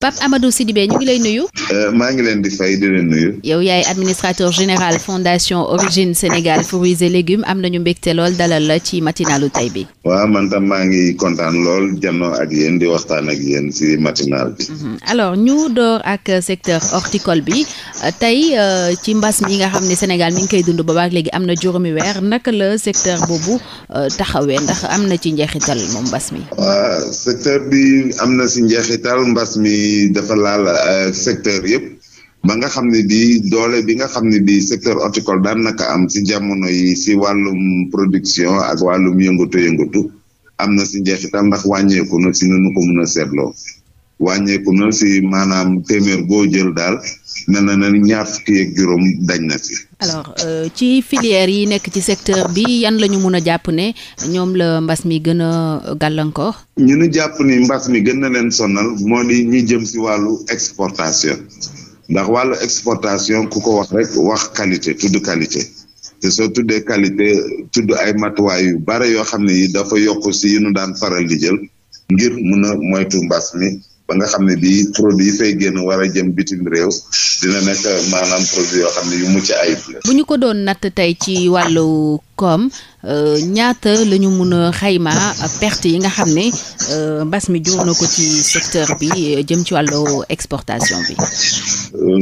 Pape Amadou Sidibé ñu ngi lay nuyu. Euh, maa ngi leen di fay di leen nuyu. yow yaay administrateur général fondation Origine Sénégal fruits et légumes am nañu mbégte lool dalal la ci matinalu tey bi. waaw man tam maa ngi kontaan lool jannoo ak yéen di waxtaan ak yéen ci matinal bi. Mhm. alors ñu door ak secteur horticole bi euh, tey euh, ci mbas mi nga xam ne Sénégal mi ngi koy dund ba baax léegi am na juróomi weer naka la secteur boobu taxawee ndax am na ci njeexital moom mbas mi. bi dafa laal secteur yëpp ba nga xam ne bii doole bi nga xam ne bii secteur horticole daan naka am si jamono si wàllum production ak wàllum yëngatu-yëngatu am na si njeexital ndax wàññeeku na si nu nu ko mën a seetloo wàññeeku na si maanaam téeméer boo jël daal ne na ñaar fukki ak juróom dañ na si alors euh, ci filière yi nekk ci secteur bi yan la ñu mun a jàpp ne ñoom la mbas mi gën a gàllankoor. ñu nu jàpp ni mbas mi gën na leen sonal moo di ñuy jëm si wàllu exportation ndax wàllu exportation ku ko wax rek wax qualité tudd qualité te soo tuddee qualité tudd ay matuwaay yu bare yoo xam ne yi dafa yokk si yi nu daan faral di jël ngir mun a moytu mbas mi. ba nga xam ne bii produit yi fay génn war a jëm bitim réew dina nekk maanaam produit yoo xam ne yu mucc ayib la. ñu ko doon natt tey ci wàllu koom euh, ñaata la ñu mun a xayma perte yi nga xam ne euh, mbas mi jur na ko ci secteur bi euh, jëm ci wàllu exportation bi.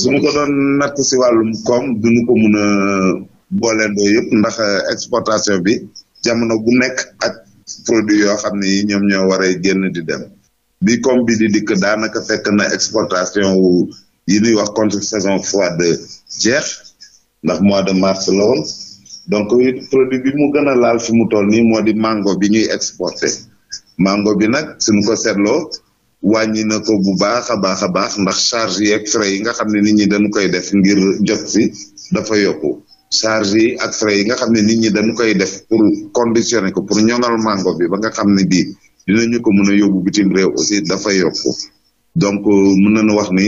su ñu ko doon natt si wàllum koom du ñu ko mun a booleendoo yëpp ndax exportation bi jamono bu nekk ak produit yoo xam ne yi ñoom ñoo war a génn di dem. bi comme bi di dikk daanaka fekk na exportation wu yi ñuy wax contre saison de jeex ndax mois de mars la donc produit bi mu gën a laal fi mu toll nii moo di mango bi ñuy exporté mango bi nag suñ ko seetloo wàññi na ko bu baax a baax a baax ndax charge yi ak frais yi nga xam ne nit ñi dañu koy def ngir jot si dafa yokku charge yi ak frais yi nga xam ne nit ñi dañu koy def pour conditionner ko pour ñoŋal mango bi ba nga xam ne bii ñu ko mën a yóbbu bitim réew aussi dafa yokku donc euh, mun nañu wax ni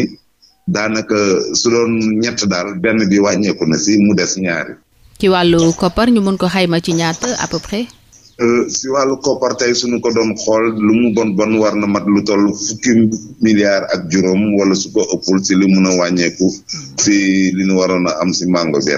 daanaka su doon ñett daal benn bi wàññeeku na si mu des ñaari. ci wàllu koppar ñu mën ko xayma ci ñaata à peu près. Euh, si wàllu koppar tey suñu ko doon xool lu mu bon bon war mat lu toll fukki milliards ak juróom wala su ko ëppul si li mun a wàññeeku mm. si li nu waroon a am si mango bi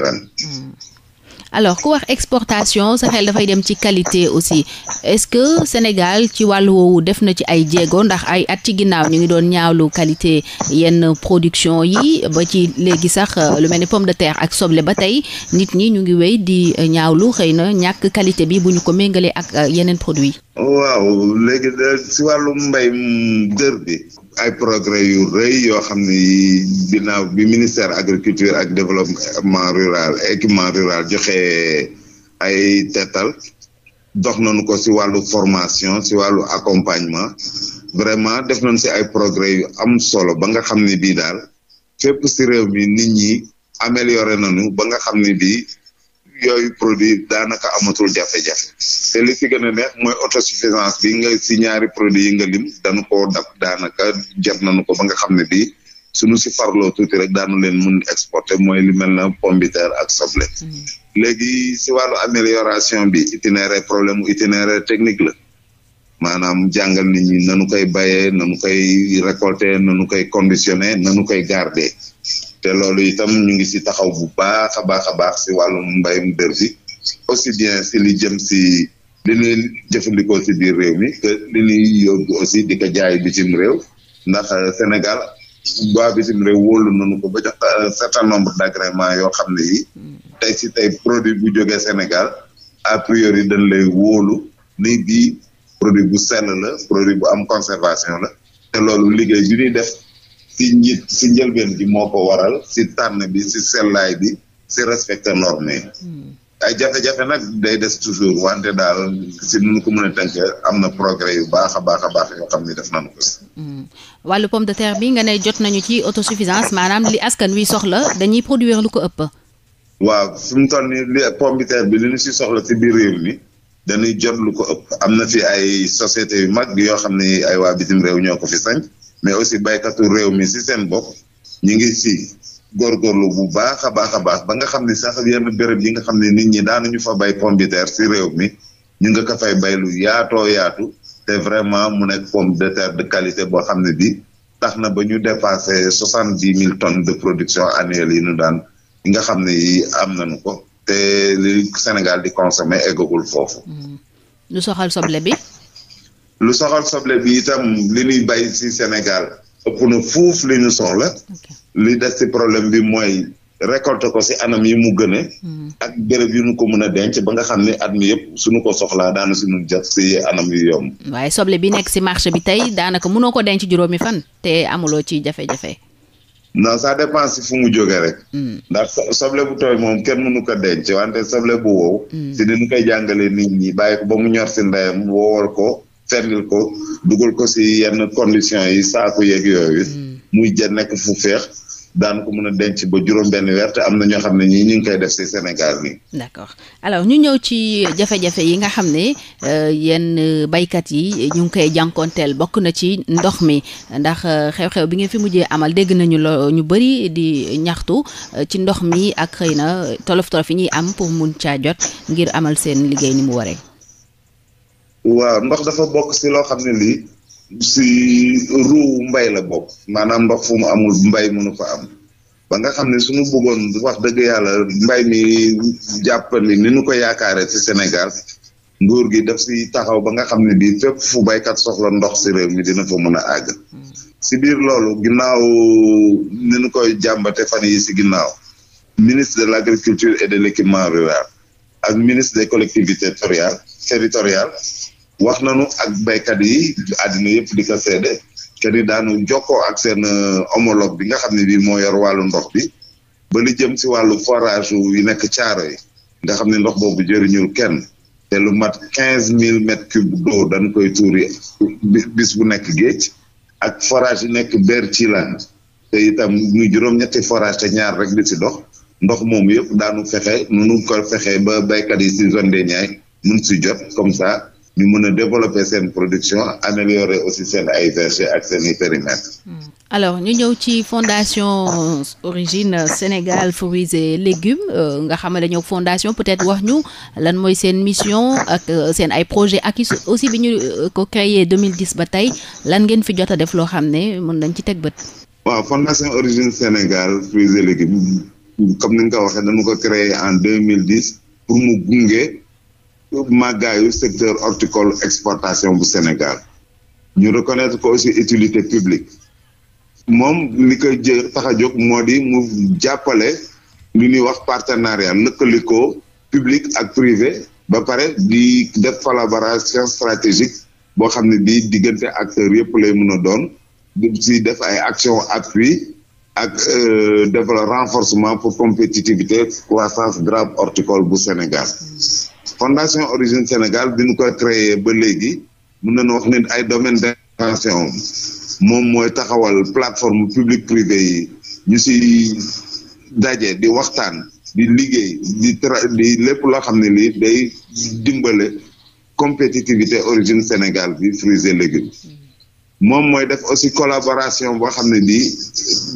alors ku wax exportation sa xel dafay dem ci qualité aussi est-ce que Sénégal ci wàllu woowu def na ci ay jéego ndax ay at ci ginnaaw ñu ngi doon ñaawlu qualité yenn production yi ba ci léegi sax euh, lu mel ne pomme de terre ak soble ba tey nit ñi ñu ngi wéy di euh, ñaawlu xëy na ñàkk qualité bi bu ñu ko méngalee ak euh, yeneen produit waaw léegi si wàllu mbay mm, dër bi ay progrès yu rëy yoo xam ni yi ginnaaw bi ministère agriculture ak développement rural équipement rural joxe ay tetal dox nañu ko si wàllu formation si wàllu accompagnement vraiment def nañ si ay progrès yu am solo ba nga xam ni bii daal fépp si réew mi nit ñi amélioré nañu ba nga xam ni bii yooyu produit daanaka amatul jafe-jafe te li ci gën ne neex mooy autosuffisance bi nga si ñaari produits yi nga lim dañu ko dab daanaka na nañu ko ba nga xam ne bii suñu si farloo tuuti rek daanu leen mun exporter mooy li mel na pombiteer ak soble mm-hmm. léegi si wàllu amélioration bi itinéraire problème itinéraire technique la maanaam jàngal nit ñi nanu koy bayee nanu koy récolter na nanu koy conditionner nanu koy garder te loolu itam ñu ngi si taxaw bu baax a baax a baax si wàllum mbayum dër bi aussi bien si li jëm si li ñuy jëfandikoo si biir réew mi que li ñuy yóbbu aussi di ko jaay bitim réew ndax euh, Sénégal waa bitim réew wóolu nañu ko ba jox un euh, certain nombre d' agrément yoo xam ne yi tey si tey produit bu jógee Sénégal a yi dañ lay wóolu ni bii produit bu sell la produit bu am conservation la te loolu liggéey bi ñuy def si njit si njëlbeen ji moo ko waral si tànn bi si sellaay bi si respecter norme yi hmm. ay jafe-jafe nag day des toujours wante daal si nu ko mën a tënk am na progrès yu baax a baax a baax yoo xam ni def nañu ko si hmm. wàllu pomme de terre bi nga ne jot nañu ci autosuffisance maanaam li askan wi soxla dañuy produire lu ko ëpp waaw su mu toll nii li pomme de terre bi li ñu si soxla si biir réew mi dañuy jot lu ko ëpp am na fi ay société yu mag yoo xam ne ay waa bitim réew ñoo ko fi sañ mais aussi baykatu réew mi si seen bopp ñu ngi si góorgóorlu bu baax a baax a baax ba nga xam ne sax yenn béréb yi nga xam ne nit ñi daanuñu fa bay pomme de terre si réew mi ñu nga ko fay bay lu yaatoo yaatu te vraiment mu nekk pomme de terre de qualité boo xam ne bi tax na ba ñu dépassé soixante dix mille tonne de production annuelle yi nu daan yi nga xam ne yi am nañu ko te li Sénégal di consommer eggagul foofu. Mm. lu soxal soble bi. lu soxal soble bi itam li ñuy bay si Sénégal ëpp na fuuf li ñu soxla li des ci problème bi mooy récolte ko ci anam yi mu gën hmm. ak béréb yu ñu ko mën a denc ba nga xam ne at mi yëpp suñu ko soxlaa daana suñu jot ci anam yu waaye soble bi nekk ci marché bi tey daanaka mënoo ko denc juróomi fan te amuloo ci jafe-jafe non ça dépend ci fu mu jógee rek hmm. ndax soble bu tooy moom kenn mënu ko denc wante soble bu wow hmm. ci ni ñu koy jàngale nit ñi bàyyi ko ba mu ñor ci ndeyam woowal ko ferlil ko dugal ko si yenn conditions yi saako yeeg yooyu. Mm. muy jën nekk fu feex daan ko mën a denc ba juróom benn weer te am na ñoo xam ne ñii ñu ngi koy def si Sénégal nii. d'accord alors ñu ñëw ci jafe yi nga xam ne euh, yenn baykat yi ñu ngi koy jànkonteel bokk na ci ndox mi ndax euh, xew-xew bi ngeen fi mujjee amal dégg nañu loo ñu bëri di ñaxtu euh, ci ndox mi ak xëy na tolof tolof yi ñuy am pour mun caa jot ngir amal seen liggéey ni mu waree. waaw ndox dafa bokk si loo xam ne lii si ruu mbay la bokk maanaam ndox fu mu amul mbay mënu fa am ba nga xam ne suñu bëggoon wax dëgg yàlla mbay mi jàppandi ni nu ko yaakaaree si Sénégal nguur gi daf si taxaw ba nga xam ne bii fépp fu baykat soxla ndox si réew mi dina fa mën a àgg biir loolu ginnaaw ni ñu koy jàmbate fan yi si ginnaaw ministre de l'agriculture et de l'équipement rural ak ministre des collectivités territoriales territoriales wax nanu ak béykat yi àddina yëpp di ko seede que ni daanu jokkoo ak seen euh, homologue bi nga xam ne bii moo yor wàllu ndox bi ba li jëm si wàllu forage yu nekk caaro yi nga xam ne ndox boobu jëriñul kenn te lu mat quinze mille mètres cubes d'eau dañ koy tuuri bis bu nekk géej ak forage yi nekk ber ci land te itam ñu juróom-ñetti forage te ñaar rek di si dox ndox moomu yëpp daanu fexe nu nu ko fexe ba béykat yi si zone des Niayes mun si jot comme ça ñu mën a développer seen production améliorer aussi seen ay verger ak seen i périmètre hmm. alors ñu ñëw ci fondation origine Sénégal fruits et légumes euh, nga xam ne fondation peut-être wax ñu lan mooy seen mission ak euh, seen ay projet ak aussi bi ñu euh, ko créé 2010 ba tey lan ngeen fi jot def loo xam ne mën nañ ci teg bët. waaw fondation origine Sénégal fruits et légumes comme ni ko waxee dañu ko créé en pour mu gunge. màggaayu secteur horticole exportation bu Sénégal ñu reconnaître ko aussi utilité publique moom li koy jë tax jóg moo di mu jàppale lu ñuy wax partenariat lëkkalikoo publique ak privé ba pare di def collaboration stratégique boo xam ne bii diggante acteur yëpp lay mun a doon di si def ay action appui ak euh, développement renforcement pour compétitivité croissance grappe horticole bu Sénégal fondation origine Sénégal bi ñu ko créé ba léegi mun nu wax ne ay domaines d'intervention moom mooy taxawal plateforme publique privée yi ñu si daje di waxtaan di liggéey di tra di lépp loo xam ne lii day dimbale compétitivité origine Sénégal bi fruits et légumes moom mooy def aussi collaboration boo xam ne nii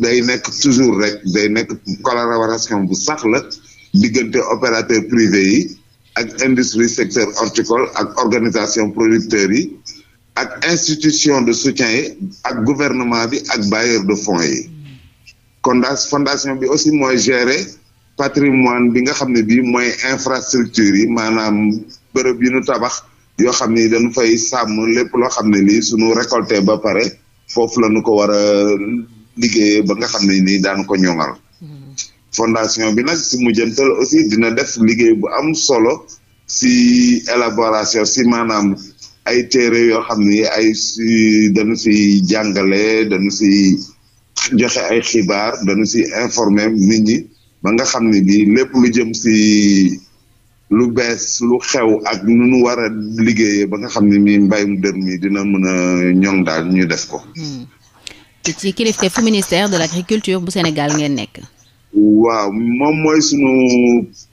day nekk toujours rek day nekk collaboration bu sax la diggante opérateur privé yi ak industrie secteur horticole ak organisation producteurs yi ak institution de soutien yi ak gouvernement bi ak bailleur de fonds yi kon fondation bi aussi mooy gérer patrimoine bi nga xam ne bii mooy infrastructure yi maanaam bërëb yi nu tabax yoo xam ni dañu fay sàmm lépp loo xam ne nii suñu récolter ba pare foofu la ñu ko war a liggéeyee ba nga xam ne nii daanu ko ñoŋal. Mm-hmm. fondation bi nag si mujjantal aussi dina def liggéey bu am solo si élaboration si maanaam ay téere yoo xam ni ay si dañu si jàngale dañu si joxe ay xibaar dañu si informer nit ñi ba nga xam ne bii lépp lu jëm si. lu bees lu xew ak nu nu war a liggéeyee ba nga xam ne mii mbayum dër mi dina mën a ñoŋ daal ñu def ko. Hmm. ci kilifteefu ministère de l' agriculture bu Sénégal ngeen nekk. waaw moom mooy sunu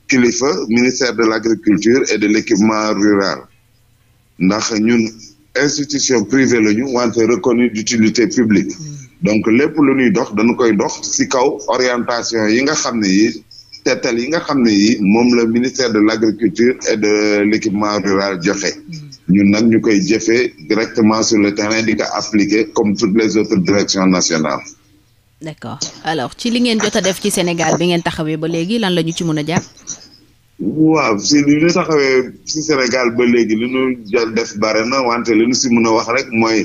kilifa ministère de l' agriculture et de l' équipement rural ndax ñun institution privée la ñu wante reconnue d' publique. Hmm. donc lépp lu ñuy dox dañu koy dox ci kaw orientation yi nga xam ne yi teetal yi nga xam ne yi moom la ministère de l' agriculture et de l' équipement rural joxe ñun nag ñu koy jëfee directement sur le terrain di ko appliquer comme toutes les autres directions nationales. d' accord alors ci li ngeen jot a def ci Sénégal bi ngeen taxawee ba léegi lan la ñu ci mën a jàpp. waaw si li ñu taxawee ci Sénégal ba léegi li ñu jël def bare na wante li ñu si mën a wax rek mooy.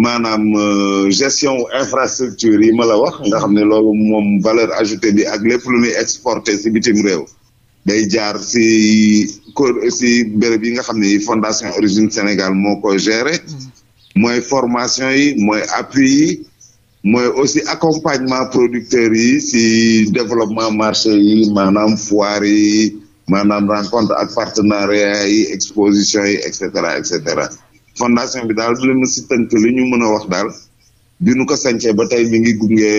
maanaam euh, gestion infrastructure yi ma la wax nga xam ne loolu moom valeur ajoutée bi ak lépp lu ñuy exporté si bitim réew day jaar si kóor si béréb yi nga xam ne fondation origine Sénégal moo ko géré mooy formation yi mooy appui yi mooy aussi accompagnement producteurs yi si développement marché yi maanaam foire yi maanaam rencontre ak partenariat yi exposition yi et cetera et cetera fondation bi daal dina si tënk li ñu mën a wax daal bi nu ko sancee ba tey mi ngi gunge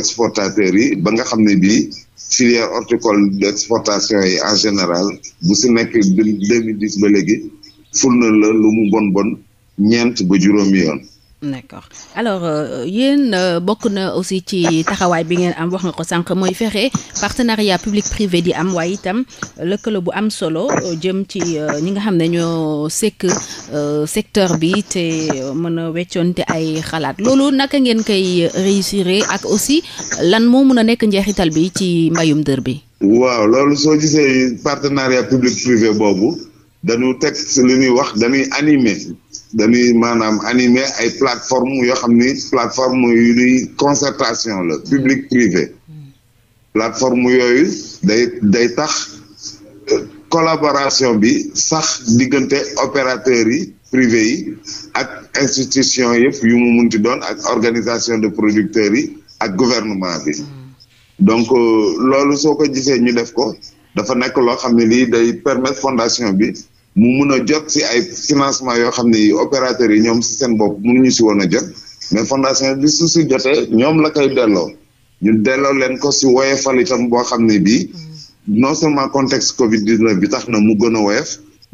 exportateurs yi ba nga xam ne bii filière horticole d'exportation yi en général bu si nekk deux mille dix ba léegi ful na la lu mu bon bon ñeent ba juróomi yoon. d'accord alors euh, yéen euh, bokk na aussi ci taxawaay bi ngeen am wax nga ko sànq mooy fexe partenariat public privé di am waaye itam euh, lëkkaloo bu am solo jëm ci ñi nga xam ne ñoo sekk secteur bi te mën a weccoonte ay xalaat loolu naka ngeen koy réussir ak aussi lan moo mën a nekk njeexital bi ci mbayum dër bi. waaw loolu soo gisee partenariat public privé boobu dañu teg li ñuy wax dañuy animer. dañuy maanaam animé ay plateforme yoo xam ni plateforme yu ñuy concertation la public privé plateforme yooyu day day tax euh, collaboration bi sax diggante opérateurs yi privé yi ak institution yëpp yu mu munti doon ak organisation de producteur yi ak gouvernement bi donc euh, loolu soo ko gisee ñu def ko dafa nekk loo xam ne lii day permettre fondation bi mu mun a jot si ay financement yoo xam ne opérateurs yi ñoom si seen bopp ñu si woon a jot mais fondation bi su si jotee ñoom la koy delloo ñu delloo leen ko si woyefal itam boo xam ne bii mm. non seulement contexte Covid 19 bi tax na mu gën a woyef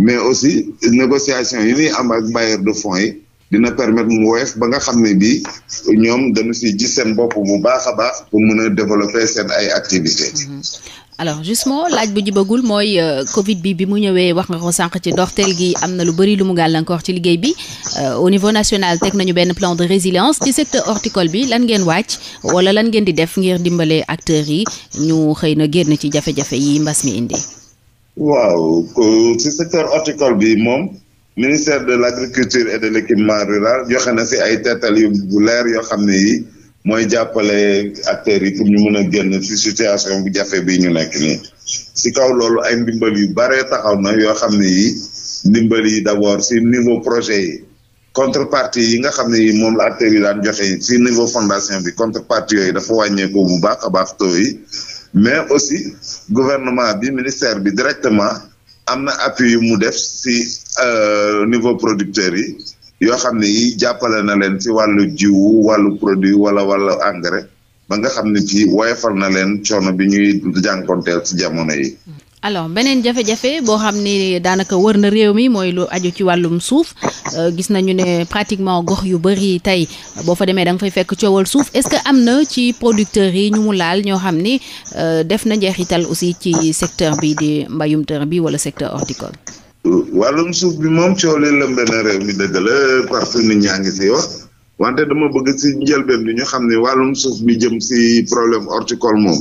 mais aussi négociation yi ñuy am ak bailleur de fonds yi dina permettre mu woyof ba nga xam ne bii ñoom dañu si gis seen bopp bu baax a baax pour mën a développer seen ay activités. Mhm. alors justement laaj bu jibagul mooy euh, Covid bi bi mu ñëwee wax nga ko sànq ci dox dorteel gi am na lu bëri lu mu gàllankoor ci liggéey bi euh, au niveau national teg nañu benn plan de résilience ci secteur orticole bi lan ngeen wàcc wala lan ngeen di def ngir dimbale acteurs yi ñu xëy na génn ci jafe-jafe yi mbas mi indi. waaw euh, ci secteur ministère de l' agriculture et de l' équipement rural joxe na si ay teetal yu bu leer yoo xam ne yi mooy jàppale acteurs yi pour ñu mën a génn si situation bu jafe bi ñu nekk nii si kaw loolu ay ndimbali yu bare taxaw yoo xam ne yi ndimbal d' abord si niveau projet yi contrepartie yi nga xam ne yi moom la acteurs yi daan joxe si niveau fondation bi contrepartie yooyu dafa wàññeeku bu baax a baax taux mais aussi gouvernement bi ministère bi directement am na appui mu def si euh, niveau producteurs yi yoo xam ne yi jàppale na leen si wàllu jiw wàllu produit wala wàllu engrais ba nga xam ne ci woyofal na leen coono bi ñuy jànkonteel si jamono yi alors beneen jafe-jafe boo xam ni daanaka war na réew mi mooy lu aju ci wàllum suuf euh, gis nañu ne pratiquement gox yu bëri tey boo fa demee da nga fay fekk coowal suuf est-ce que am na ci producteurs yi ñu mu laal ñoo xam ni euh, def na njeexital aussi ci secteur bi di mbayum tër bi wala secteur horticole. wàllum suuf bi moom coow li la partout nit ñaa ngi si wax wante dama bëgg si njëlbeen bi ñu xam ne wàllum suuf bi jëm si problème horticole moom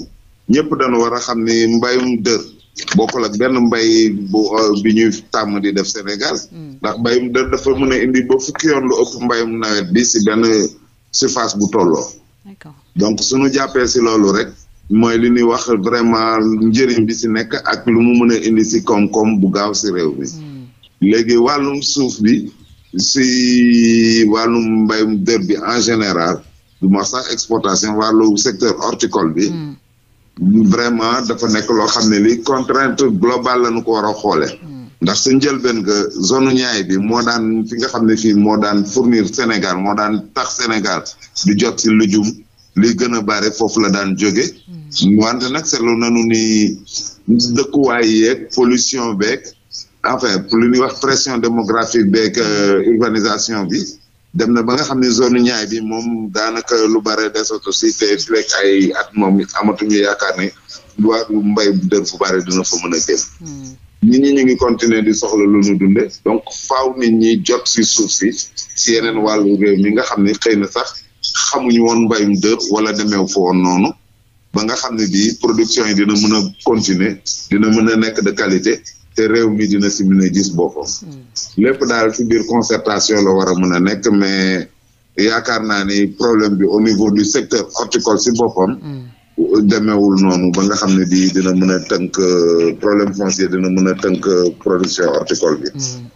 ñëpp dañu war a xam ni mbayum dër. bokkul ak benn mbay bu euh, bi ñuy tàmm di def Sénégal. Hmm. ndax mbayum da mën a indi ba fukki yoon lu ëpp mbayum nawet bi si benn surface bu tolloo. donc suñu jàppee si loolu rek. mooy li ñuy wax vraiment njëriñ bi si nekk ak lu mu mën a indi si koom-koom bu gaaw si réew mi. Hmm. léegi wàllum suuf bi si wàllum mbayum dër bi en général du ma sax exportation wàllu secteur horticole bi. Hmm. vraiment dafa nekk loo xam ne li contrainte globale la ñu ko war xoole hmm. ndax sa njëlbeen nga zone ñaay bi moo daan fi nga xam ne fii moo daan fournir Sénégal moo daan tax Sénégal du jot si lu lujum li gën a bare foofu la daan jóge hmm. Hmm. wante nag seetlu nañu ni dëkkuwaay yeeg pollution beeg enfin lu ñuy wax pression démographique beeg euh, urbanisation bi dem na ba nga xam ne zone ñaay bi moom daanaka lu bare desatu si te fi rek ay at moom amatuñu yaakaar ne waa mbay dër fu bare dina fa mën a jëm hmm. nit ñi ñu ngi continuer di soxla lu ñu dunde donc faaw nit ñi jot si suuf si si yeneen wàllu réew mi nga xam ne xëy na sax xamuñu woon mbayum dër wala demeew fa woon noonu ba nga xam ne bii production yi dina mën a continuer dina mën a nekk de qualité te réew mi dina si mën a gis boppam. Hmm. lépp daal ci biir concertation la war a mën a nekk mais yaakaar naa ni problème bi au niveau du secteur horticole si boppam. Hmm. demeewul noonu ba nga xam ne di dina mën a tënk problème foncier dina mën a tënk production horticole bi. Hmm.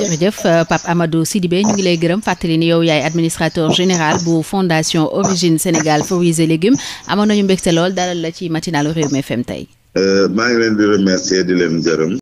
jërëjëf euh, Pape Amadou Sidibé ñu ngi lay gërëm fàttali ni yow yaay administrateur général bu fondation Origine Sénégal fruits et légumes amoon nañu mbégte lool dalal la ci matinalu Rewmi FM tey. Euh, maa ngi leen di remercier di leen gërëm